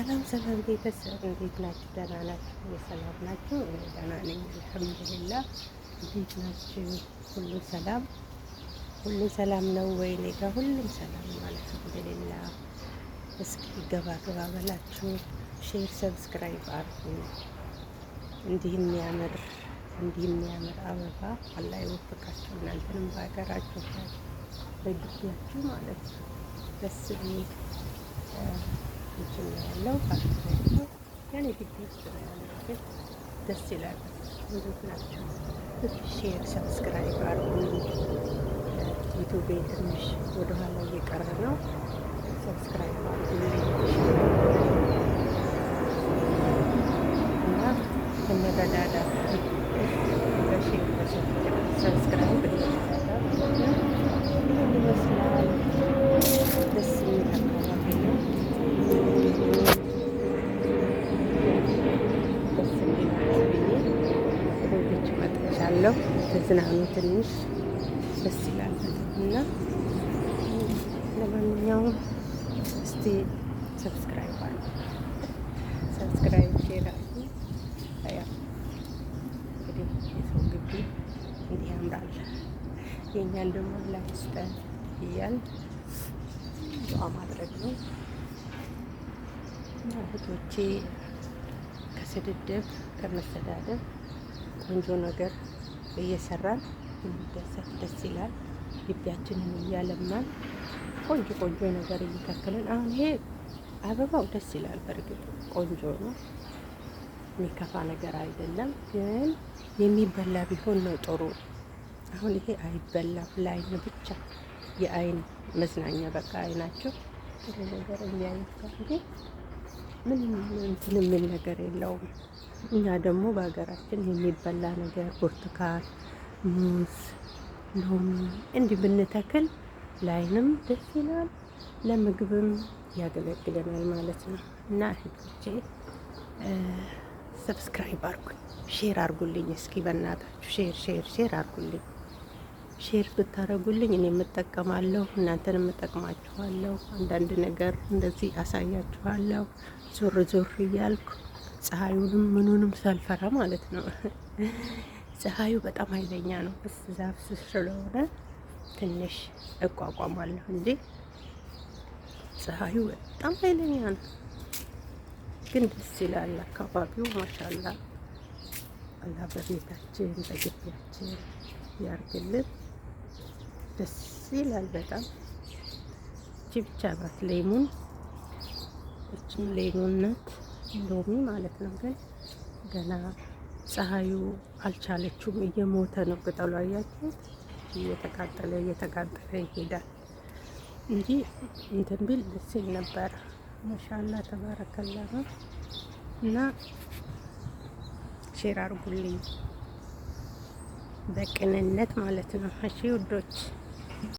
ሰላም ሰላም ቤተሰብ እንዴት ናችሁ? ደህና ናችሁ? የሰላም ናችሁ? እኔ ደህና ነኝ አልሐምዱሊላህ። እንዴት ናችሁ? ሁሉ ሰላም ሁሉ ሰላም ነው ወይ? እኔ ጋር ሁሉም ሰላም ነው አልሐምዱሊላህ። እስኪ ገባ ገባ በላችሁ፣ ሼር ሰብስክራይብ አርጉ። እንዲህ የሚያምር እንዲህ የሚያምር አበባ አላህ ይወፍቃችሁ፣ እናንተንም በሀገራችሁ በግቢያችሁ ማለት ነው ደስ ብሎኝ ፋሽን ነው ያለው። ያኔ ግቢ ውስጥ ነው ያለው። ደስ ይላል። ብዙ ናቸው። ሼር ሰብስክራይብ አድርጉ። ዩቱቤ ትንሽ ወደኋላ እየቀረ ነው። ሰብስክራይብ አድርጉ እና እንረዳዳ በሼር ሰብስክራይብ ያለው ተዝናኑ ትንሽ ደስ ይላል እና ለማንኛውም እስቲ ሰብስክራይብ አሉ ሰብስክራይብ ይላሉ። እንግዲህ የሰው ግቢ እንዲህ ያምራል፣ የእኛን ደግሞ ላይስጠን እያል ዱዓ ማድረግ ነው እና እህቶቼ ከስድድብ ከመሰዳደብ ቆንጆ ነገር እየሰራን የሚደሰት ደስ ይላል። ግቢያችንን እያለማን ቆንጆ ቆንጆ ነገር እየተከልን አሁን ይሄ አበባው ደስ ይላል። በእርግጥ ቆንጆ ነው፣ የሚከፋ ነገር አይደለም። ግን የሚበላ ቢሆን ነው ጥሩ። አሁን ይሄ አይበላም፣ ለአይን ብቻ የአይን መዝናኛ በቃ አይናቸው ጥሩ ነገር የሚያዩት ምንም እንትን የሚል ነገር የለውም። እኛ ደግሞ በሀገራችን የሚበላ ነገር ብርቱካን፣ ሙዝ፣ ሎሚ እንዲህ ብንተክል ላይንም ደስ ይላል፣ ለምግብም ያገለግለናል ማለት ነው። እና እህቶቼ ሰብስክራይብ አርጉ፣ ሼር አርጉልኝ። እስኪ በእናታችሁ ሼር ሼር ሼር አርጉልኝ። ሼር ብታረጉልኝ እኔ የምጠቀማለሁ፣ እናንተን የምጠቅማችኋለሁ። አንዳንድ ነገር እንደዚህ አሳያችኋለሁ ዞር ዞር እያልኩ ፀሐዩንም ምኑንም ሳልፈራ ማለት ነው። ፀሐዩ በጣም ኃይለኛ ነው። ዛፍ ስለሆነ ትንሽ እቋቋማለሁ እንጂ ፀሐዩ በጣም ኃይለኛ ነው። ግን ደስ ይላል አካባቢው። ማሻላ አላ በቤታችን በግቢያችን ያርግልን። ደስ ይላል በጣም እቺ ብቻ ናት ሌሙን፣ እችም ሌሙነት ናት። ሎሚ ማለት ነው። ግን ገና ፀሐዩ አልቻለችውም። እየሞተ ነው ቅጠሉ። አያችሁ፣ እየተቃጠለ እየተቃጠለ ይሄዳል እንጂ እንትን ቢል ደስ ይል ነበረ። ማሻላ ተባረከላ ነው እና ሼር አርጉልኝ በቅንነት ማለት ነው። እሺ ውዶች